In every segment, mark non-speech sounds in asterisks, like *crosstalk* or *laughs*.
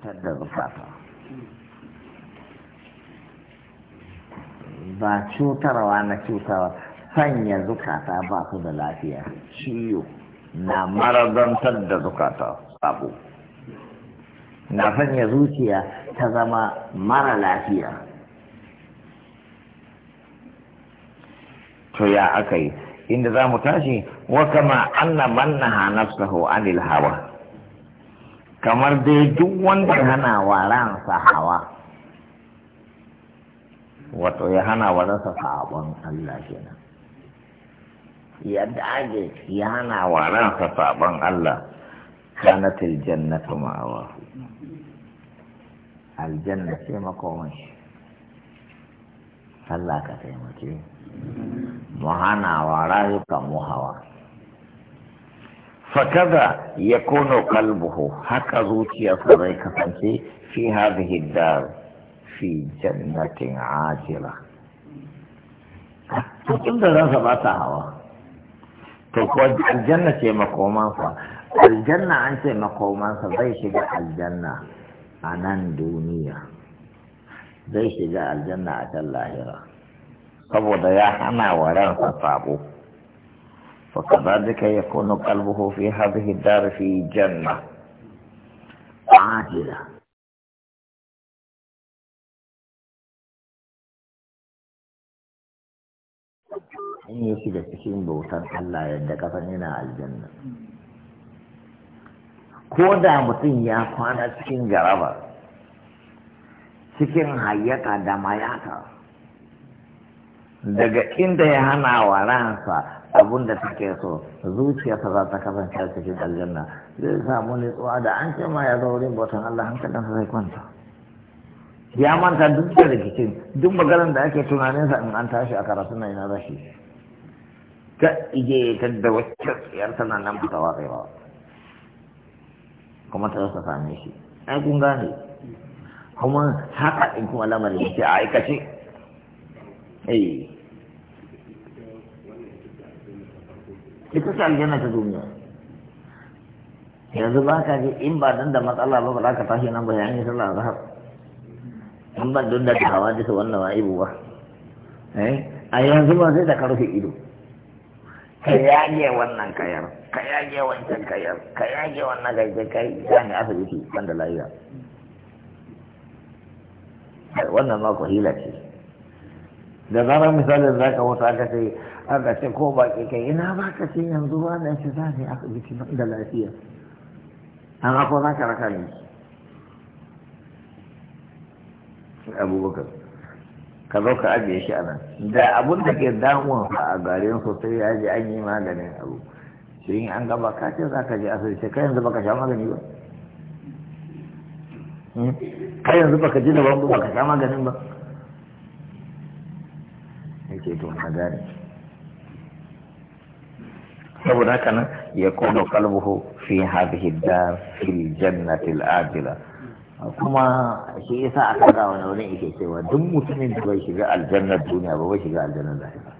fitar da ba cutarwa na cutarwa sanya zukata ba su da lafiya ciwo na marazantar da zukata sabo na sanya zuciya ta zama mara lafiya to ya aka yi inda za mu tashi wa kama anna man naha nafsahu anil hawa kamar dai duk wanda ya hana wa ransa hawa wato ya hana wa ransa sabon Allah kenan ya dage ya hana wa ransa sabon Allah kanatil jannatu ma'awa aljanna ce makomai Allah ka taimake mu hana wa rayukan mu hawa fakaza ya kono kalbuhu haka zuciyarsa zai kasance fi hadhihi dar fi jannatin ajila to inda za ba ta hawa aljanna ce makomansa aljanna an ce makomansa zai shiga aljanna a nan duniya zai shiga aljanna a can lahira saboda ya hana wa ransa sabo فكذلك يكون قلبه في هذه الدار في جنة عاجلة إن يشيد تشين بوتان ألا يدك فنينا الجنة كودا متين يا كوانا تشين جرابا cikin hayyata da mayata daga inda ya abun da take so zuciyarsa za ta kasance cikin aljanna zai samu nutsuwa da an ce ma ya zo wurin bautan Allah sa zai kwanta ya manta duk da rikicin duk maganar da ake sa in an tashi a karatu na ina rashi ta ije ta da wacce tsiyar tana nan ba ta ba kuma ta rasa same shi ai kun gane kuma haka in kuma lamarin ya ce a aikace eh ita ce aljanna ta duniya yanzu ba ka ji in ba dan da matsala ba ba za ka tashi nan bayanin sallah zahar in ba don da tawa duka wannan wa'ibu ba eh, a yanzu ba sai da ka rufe ido ka yage wannan kayar ka yage wancan kayar ka yage wannan gaje kai ya ne asibiti ban da lafiya eh, wannan ma ku hila ce da zarar misalin za ka wasu aka sai aka ce ko baki kai ina ba ka ce yanzu ba da shi za ne asibiti ba da lafiya An ko za ka raka ne abubakar ka zo ka ajiye shi a nan da abun da ke damun a garin sosai ya ji an yi maganin abu shi an gaba ka ce za ka je asibiti kai yanzu baka sha magani ba hmm? kai yanzu baka ji da ba baka sha maganin ba yake to magani gane saboda haka nan ya kono kalbuhu fi hadhihi dar fil jannati al ajila kuma shi yasa aka ga wani wani yake cewa duk mutumin da bai shiga aljannar duniya ba bai shiga aljannar lahira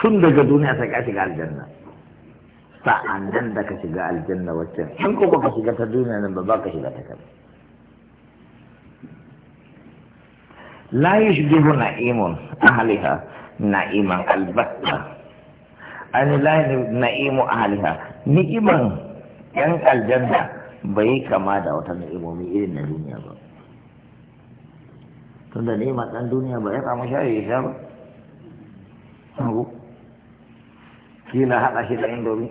tun daga duniya sai ka shiga aljanna sa'an nan da ka shiga aljanna wacce in ko baka shiga ta duniya nan ba baka shiga ta kai la yushbihu na'imun ahliha na'iman albatta an lahi na'imu ahliha ni'iman yan aljanna bai kama da wata ni'imomi irin na duniya ba tun da ma ɗan duniya ba ya kama shayi ya sha ba na haɗa shi da indomi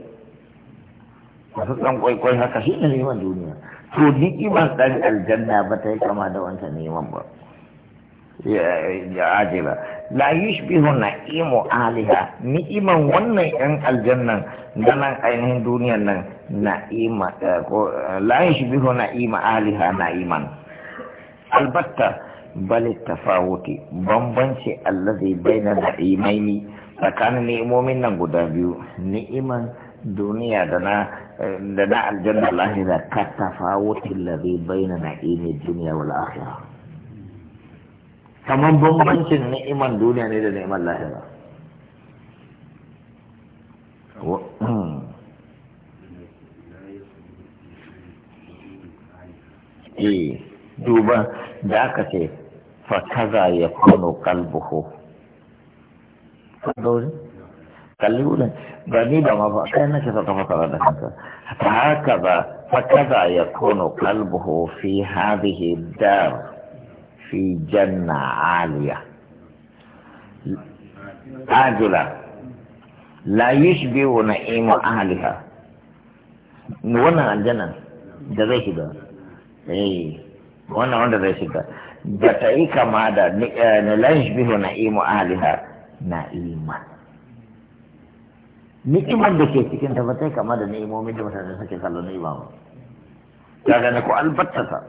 wasu ɗan kwaikwai haka shi ne ma duniya to ni'imar ɗan aljanna ba ta yi kama da wata neman ba ya ajila la yushbihu na'imu aliha ni'iman wannan yan aljannan da nan ainihin duniyan nan na'ima eh, ko eh, la yushbihu na'ima aliha na'iman albatta bal tafawuti bambanci allazi baina na'imaini tsakanin ni'imomin nan guda biyu ni'iman duniya da na eh, da na aljanna lahira ka tafawuti allazi baina na'imi duniya wal akhirah kamar bambancin ni'iman duniya ne da ni'iman lahira eh duba da aka ce fakaza ya kuno kalbuhu kalli wurin ba ni ba ma ba kai na ce saka fasara da kanka ta haka ba fakaza ya kuno kalbuhu fi hadhihi dar fi janna aliya ajila la yushbihu na'ima ahliha wannan aljanna da zai shiga eh wannan wanda zai shiga da ta yi kama da eh, na la yushbihu na'imu ahliha na'ima ni'imar da ke cikin ta ba ta yi kama da ni'imomin da mutane suke kallon ni'ima ba ta gane ko ta.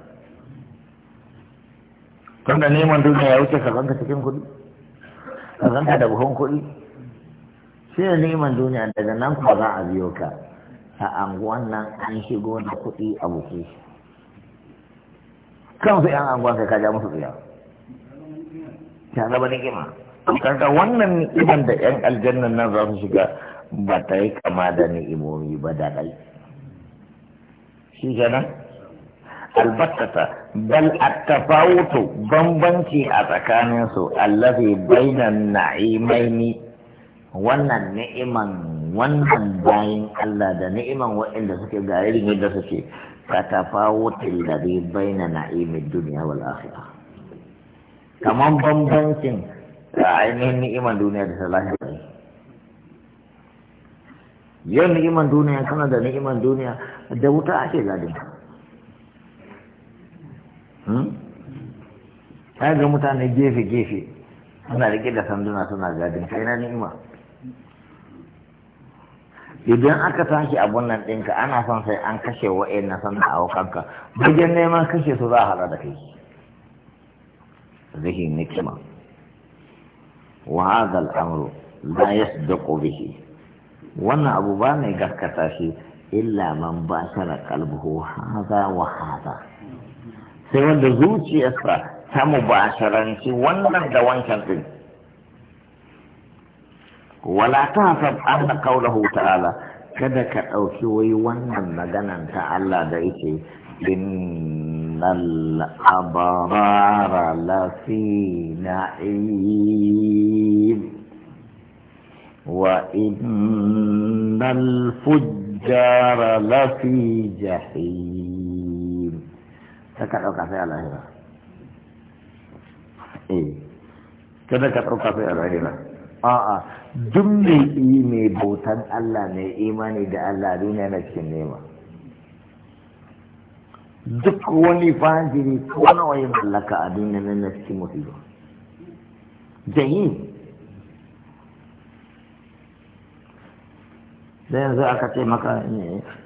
tunda neman duniya ya wuce kazanka cikin kuɗi kazanka da buhun kuɗi shi ne neman duniya daga nan kuma za a biyo ka a anguwan nan an shigo da kuɗi a kan su yan anguwan kai kaja musu tsiya ta zama ni'ima kanka wannan ni'iman da yan aljannan nan za su shiga ba ta yi kama da ni'imomi ba da ɗai shi kenan albattata bal attafawutu bambanci a tsakaninsu allafi bainan na'imaini wannan ni'iman wannan bayin Allah da ni'iman waɗanda suke ga irin yadda suke ka tafawutin da zai baina na'imin duniya wal akhirah kamar bambancin ainihin ni'iman duniya da ta lahira yau ni'iman duniya kana da ni'iman duniya da wuta ake gadin ya hmm? ga mutane gefe-gefe suna rike da sanduna suna gadin kai na ni'ima idan aka tashi abun nan ɗinka ana son sai an kashe wa'in na sanda a kanka wajen neman kashe su za a haɗa da kai zihin nikima wa hadha al ya su yasdaqu bihi wannan abu ba mai gaskata shi illa man bashara kalbuhu hadha wa hadha sai wanda zuciyarsa ta mubasharanci wannan da wancan din wala ta sab anna qawluhu ta'ala kada ka dauki wai wannan maganan ta Allah da yake innal abrara lafi na'im wa innal fujjara lafi jahim ka ɗauka sai a lahira eh kada ka ɗauka sai a lahira a'a duk mai yi mai bautan Allah mai imani da Allah duniya na cikin nema duk wani fajiri ko wani ya mallaka a duniya na cikin ba jayi da yanzu aka ce maka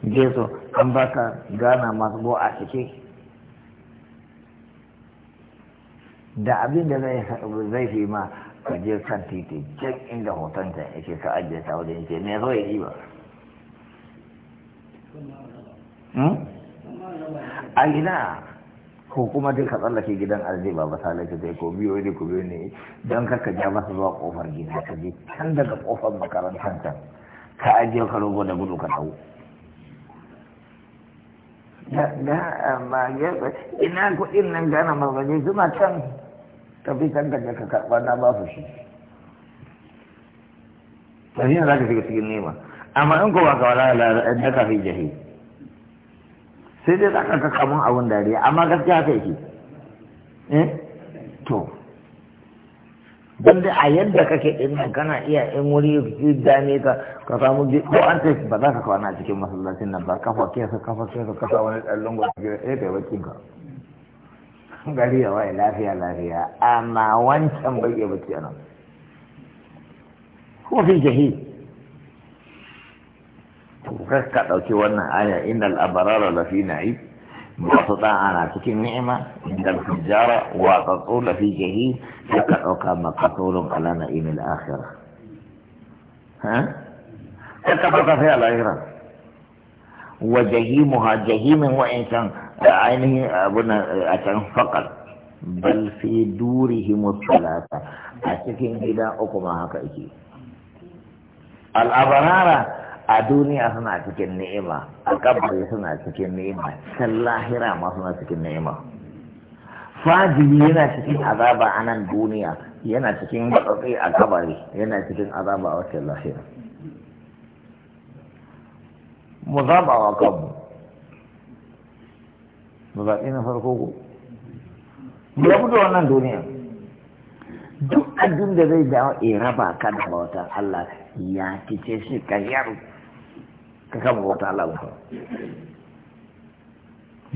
geso eh, an baka gana masu bo a cike da abin da zai fi ma kaje kan titi can inda hoton ta yake ka ajiye ta wajen ce, me zo ya yi ba hmm? a gina ko kuma duk ka tsallake gidan arziki ba ba sale ka ko biyo ne ko biyo ne don kaka ja masa zuwa kofar gida ka je can daga kofar makarantar can ka ajiye ka rogo da gudu ka dawo ina kudin nan gana mazaje zuma can tafi can ka ka karɓa na ba su shi tafiya za ka shiga cikin nema amma in ko ba ka wala da ka fi jahi sai dai za ka ka kamun abun dariya amma gaskiya ta yake eh to don a yadda kake din nan kana iya in wuri dame ka ka samu ko an ce ba za ka kwana cikin masallacin nan ba kafa kesa kafa kesa kasa wani ɗan lungu ke cikin eh kai bakin ka gari ya wai lafiya lafiya amma wancan bai iya bacci nan ko fi jahi kar ka ɗauki wannan aya inda abarara lafi na'i masu ɗa'a na cikin ni'ima inda fujjara wa tsatso lafi jahi sai ka ɗauka maka tsoron ala na'imi al'akhira ka kafa ka sai al'akhira wa jahimuha jahimin wa'incan da ainihin abun eh, a can fakar, bal fi durihim salata a cikin gida uku ma haka ake al'abarara a duniya suna cikin ni'ima a kabari suna cikin ni'ima can lahira ma suna cikin ni'ima fajiri yana cikin azaba a nan duniya yana cikin matsatsi a kabari yana cikin azaba a wacce lahira mu zaba wa kanmu ba zaɓe na farko ko ya fito wannan duniya duk abin da zai dawo a eh, raba ka da bauta Allah ya kice shi ka yaro ka kama bauta Allah ba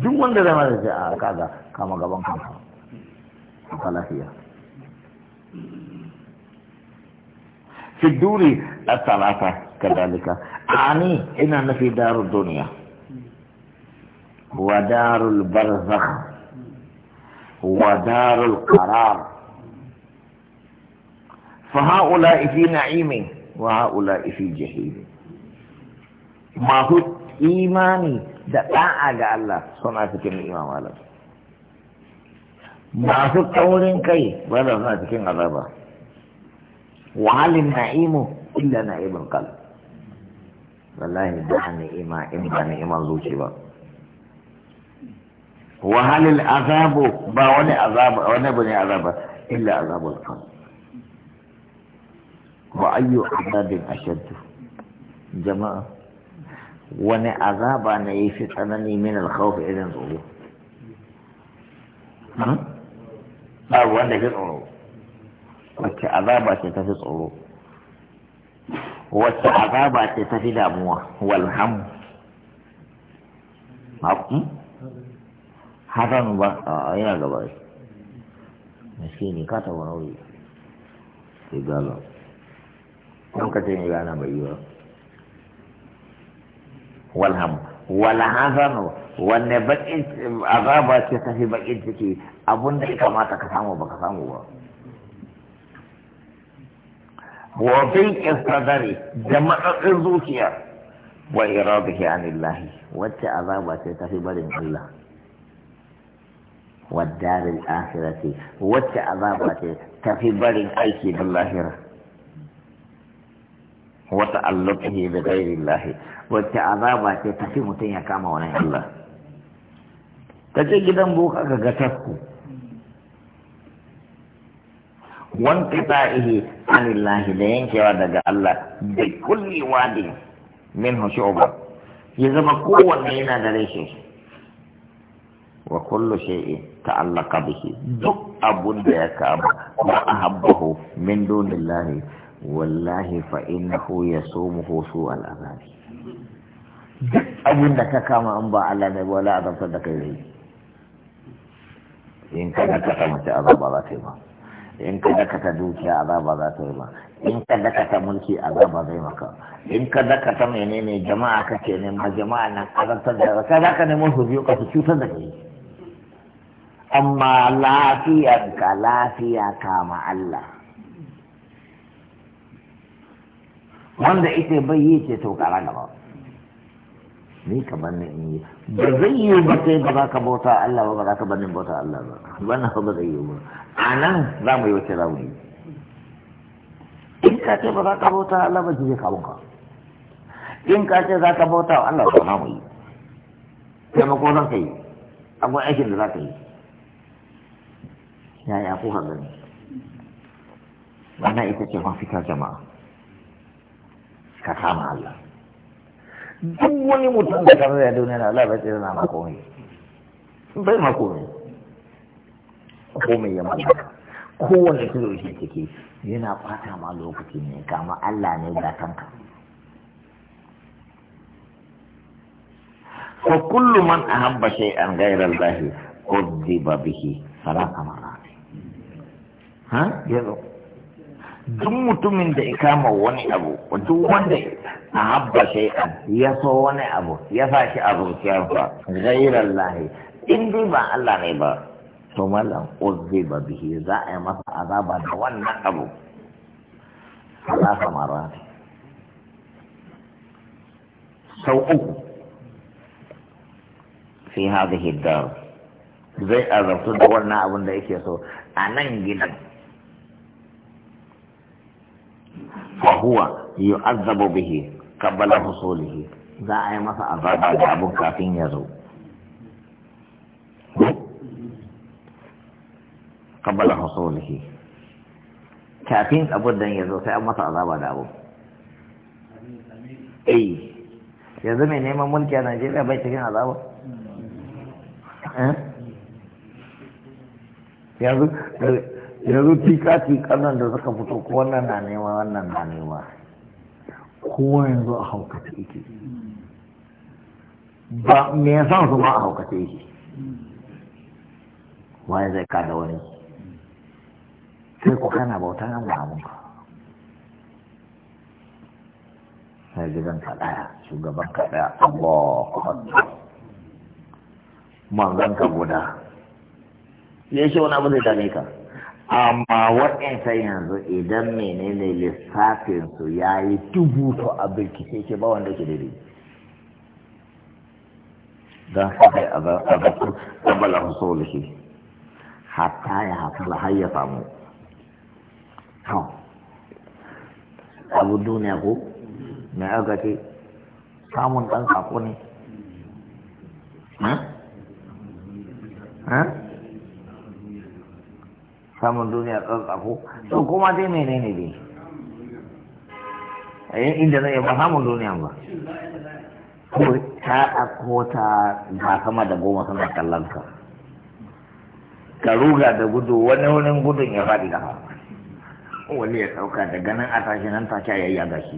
duk wanda zama da shi a kaga kama gaban kanka ka lafiya في الدور الثلاثة كذلك أعني إن في دار الدنيا ودار البرزخ ودار القرار فهؤلاء في نعيم وهؤلاء في جحيم ما هو إيماني دقاء على الله صنع سكين الإمام على ما هو قول كي ولا صنع سكين عذابا وهل النعيم إلا نعيم القلب والله دعني إيمان إيمان إيمان ذو شباب وهل العذاب با وني عذاب وني بني عذاب إلا عذاب القلب وأي عذاب أشد جماعة وني عذاب أنا يفت أنني من الخوف إذا نقول ها وني في الأرض wacce عذاب ce ta fi tsoro عذاب azaba ce ta fi hasan ba a yana gaba shi ne ka taɓa nauyi sai galo lokacin ya gana bai yi ba walham wala hasan wanne bakin azaba ce ta fi bakin ciki abun da ya kamata ka samu ba ka samu ba wa bil istadari da matsatsin zuciya wa ke anillahi wacce azaba ce ta fi barin Allah Wa dada al'asirasi wacce azaba ce tafi bari aiki wata allo ta hidata ya yi azaba ce tafi mutum ya kama wani illa ta je gidan bukaka ga taku wancan ta yi aiki da yanka ya yi daga Allah bai kulli waɗi min hushe uba ya zama kowanne na da rashin wa kullu shaiɗi. ta'allaka bihi duk abun da ya kama a ahabbahu min lahi, wallahi fa innahu yasumuhu su al'azabi duk abun da ka kama an ba Allah ne wala azabta da kai zai in ka dakata mace azaba za ta yi ma in ka dakata dukiya azaba za ta yi ma in ka dakata mulki azaba zai maka in ka dakata menene jama'a kake nema jama'a nan azabtar da ka zaka nemo su biyu ka su cutar da kai amma lafiyanka lafiya kama Allah wanda ita bai yi ce to kara gaba ni ka banni in yi ba zai yi ba sai ba za ka bauta Allah ba ba za ka banni bauta Allah ba wannan ba zai yi ba a nan za mu yi wace za mu yi in ka ce ba za ka bauta Allah ba jiye je kawun ka in ka ce za ka bauta Allah ba za mu yi ko zan ka yi akwai aikin da za ka yi yaya kuka gani wannan ita ce mafita jama'a ka kama Allah duk wani mutum da kamar ya duniya na Allah bai tsira na makomai bai makomai komai ya mallaka kowane tudu shi take yana fata ma lokaci ne kama Allah ne da kanka fa kullu man ahabba shay'an ghayra Allah udhiba bihi salasa marat ha ya zo duk mutumin da ya kama wani abu duk wanda a habba a ya so wani abu ya sa shi a zuciyarsa ghairar lahi in dai ba Allah ne ba to malam ba bihi za a yi masa azaba da wannan abu salasa ne. sau uku fi hadhihi dar zai azabtu da wannan abin da yake so a nan gidan huwa yu'azzabu bihi qabla husulihi za a yi masa azaba da abun kafin ya zo qabla husulihi kafin abun da ya zo sai an masa azaba da abun eh yanzu mai neman mulki a Najeriya bai cikin azaba eh? yanzu yanzu tika tika nan da suka fito ko wannan na nema wannan na nema kowa yanzu a haukata yake ba me ya san su ma a haukata yake wani zai kada wani sai ku kana bauta nan ba mun ba sai gidan ka daya shugaban ka daya Allahu akbar manzon ka guda yayin shi wani abu zai dame ka amma waɗansa yanzu idan menene lissafinsu ya yi dubu to a birkice ke ba wanda ke daidai don sabai a zafi a huso da shi hatta ya hasala har ya samu abu duniya ko mai aka ce samun ɗan ƙafo ne hm? Hm? samun duniya tsatsafo to kuma dai ne dai a eh, yin inda zai ba samun duniya ba ko ta ako ta ba sama da goma suna kallon ka ka ruga da gudu wani wani gudun ya faɗi kafa wani ya sauka da ganin a tashi nan tashi yayya ga shi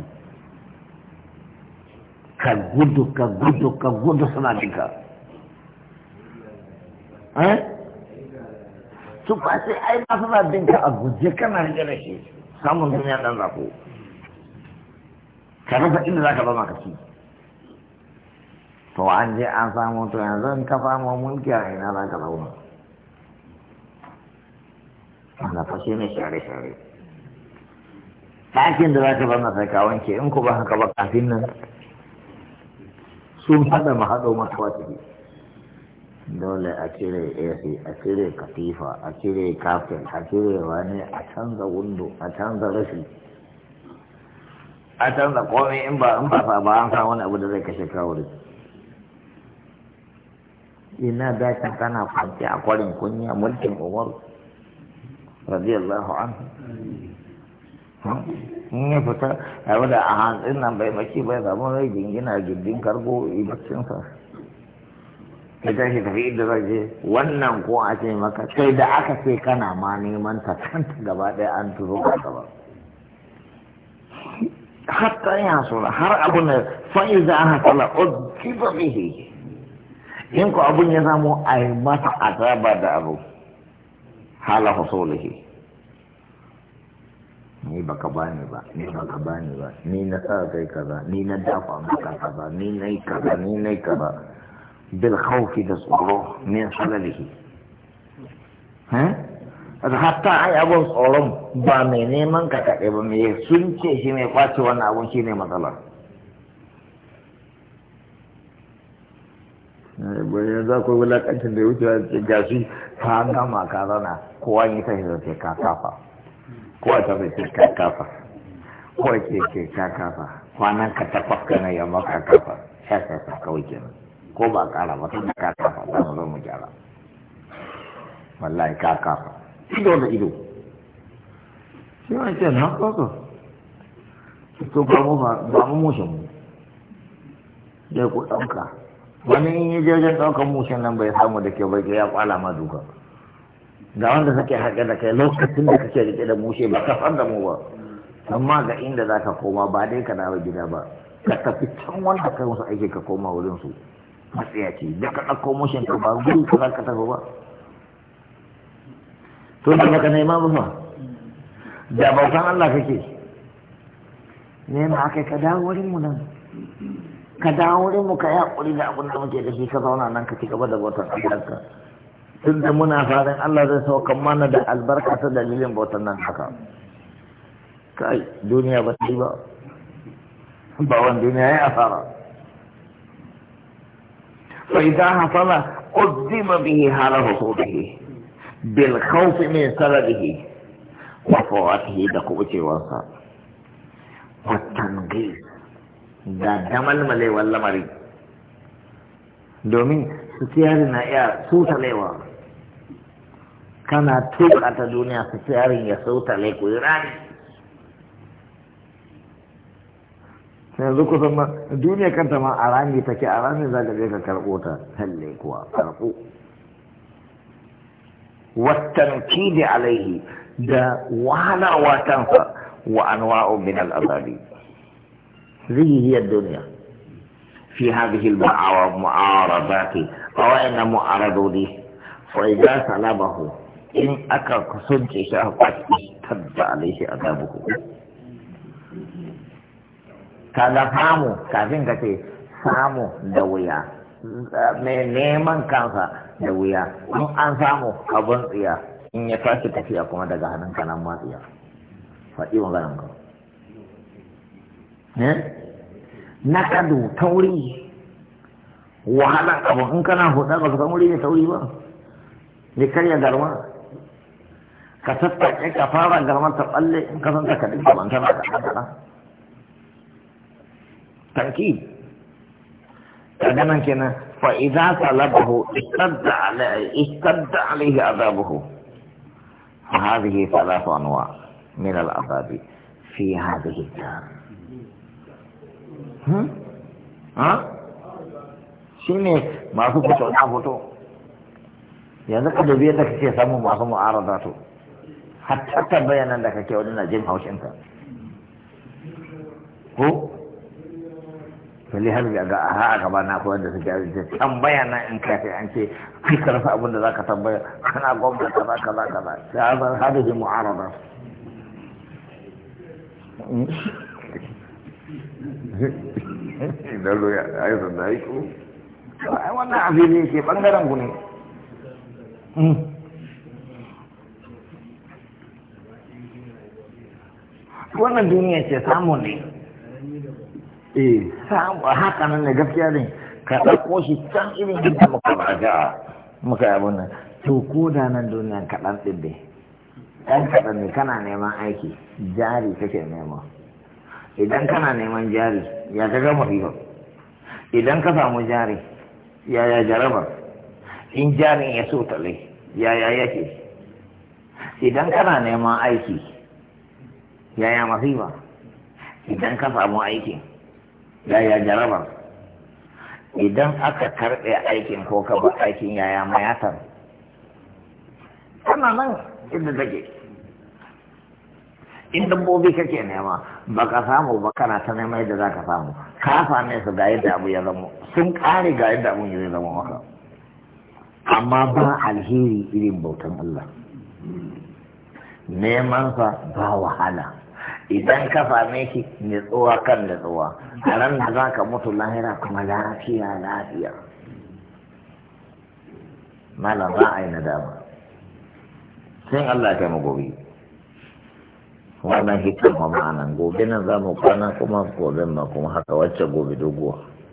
ka gudu ka gudu ka gudu suna jika eh su kwace ai ba suna bin ka a guje kana rike da shi samun duniya dan zafo. ka rasa inda zaka ba maka shi to an je an samu to yanzu in ka samu mulki a ina za ka zauna ana fashe ne share-share ɗakin da za ka zama sai ka wanke in ku ba haka ba kafin nan sun haɗa mahaɗo masu wata dole a cire AC a cire katifa a cire kafin a cire wani a canza windo a canza rashi a canza komai in ba in ba ba an samu wani abu da zai kashe kawuri ina dakin kana kwanci a kwarin kunya mulkin umar radiyallahu anhu in ya fita a wadda a hantsin nan bai maki bai zama rai jingina gindin kargo ibaccinsa ka shi tafi inda zai je wannan ko a ce maka sai da aka ce kana ma neman ta kanta gaba ɗaya an turo ka gaba hatta ya sura har abun da fa'iza hasala ujiba mihi in ko abun ya samu a yi masa azaba da abu hala husulihi ni ka bani ba ni ka bani ba ni na sa kai kaza ni na dafa maka kaza ni na yi kaza ni na yi kaza bil da tsoro min halalihi hatta ai abun tsoron ba mai neman ka kaɗai ba mai sun ce shi mai kwace wannan abun shi ne matsalar bayan za ku da ya wuce ce gashi ka gama ka zana kowa yi ta hira ka kafa kowa ta bai kowa ka kwanan ka takwas kana yamma ka kafa ya kafa kawai kenan ko ba ƙara ba tun da ka kafa za mu zo mu gyara wallahi ka kafa ido da ido shi ma ce na koko to ba mu ba mu mushin mu dai ku ɗauka wani in yi jirgin ɗaukan mushin nan bai samu da ke bai ya kwala ma duka ga wanda suke haƙe da kai lokacin da kake rike da mushe ba ka san da mu ba amma ga inda za ka koma ba dai ka dawo gida ba ka tafi can wanda kai musu aiki ka koma wurin su ce, da ka ɗauko motion ka ba gudu ka za ka tafi ba to da maka nema ba fa da bautan Allah kake nema aka ka dawo wurin mu nan ka dawo wurin mu ka yi hakuri da abin da muke da shi ka zauna nan ka ci gaba da bautan Allah ka tun da muna farin Allah zai saukan mana da albarka ta dalilin bautan nan haka kai duniya ba ta yi ba ba wani duniya ya fara. فإذا حصل قدم به حال حصوله بالخوف من سلبه وفواته دقوة وصا والتنقيس دا دم الملي ولا مري دومين ستيارنا يا سوتا ليوا كان توقع دنيا ستيارين يا سوتا ليكو يراني yanzu kusan ma duniya kanta ma a rami take a rami za ka je ka karɓo ta talle kuwa karɓo wattanki da alaihi da wahala watansa wa anwa'u min al'azabi zai yi duniya fi hadhihi al-ma'awa mu'aradati aw inna mu'aradudi fa idza salabahu in aka kusunce shi a kwaci tabba alaihi azabuhu kaga samu kafin ka ce samu da wuya mai neman kansa da wuya in an samu abin tsiya in ya tashi tafiya kuma daga hannun ka nan ma tsiya faɗi maganan ka eh? na kadu tauri wahala abu in kana hudu ba su kan wuri ne tauri ba ne karya garma ka tattake ka fara garma ta tsalle in ka san ka kaɗi ba ta ba تأكيد عندما كان فإذا طلبه اشتد عليه اشتد عليه عذابه فهذه ثلاث أنواع من العذاب في هذه الدار ها؟ شنو ما هو فتو لا يعني قد بيدك شيء سمو ما هو معارضاته حتى تبين لك كي ولنا جيم هاوش انت هو sai har ga ga aha a gaba na koyar da suke arziki tambaya na in sai an ce kai ka abin da za ka tambaya kana gwamna kaza kaza kaza mu'arada *laughs* idan zo ya ayi sanda yi ko ai wannan abin ke bangaren ku ne hmm. duniya ce samu ne eh samu haka nan ne gaskiya ne ka ɗauko shi can irin yadda muka raja muka yi abin nan to ko da nan duniyan kaɗan ɗin ɗan kaɗan ne kana neman aiki jari kake nema idan kana neman jari ya ka gama riba idan ka samu jari yaya jarabar. in jarin ya so tale yaya yake idan kana neman aiki yaya masifa idan ka samu aikin yaya jaraba idan aka karɓe aikin ko ka ba aikin yaya mayatar tana nan inda take in dabbobi kake nema ba ka samu ba kana ta nema yadda za ka samu ka same su ga yadda abu ya zama sun ƙare ga yadda abu ya zama maka amma ba alheri irin bautan Allah neman sa ba wahala idan ka same shi nutsuwa kan nutsuwa a nan da za ka mutu lahira kuma lafiya lafiya malam za a yi nadama sai Allah ta gobe wannan hikima ma'anan gobe nan za mu kwana kuma gobe ma kuma haka wacce gobe doguwa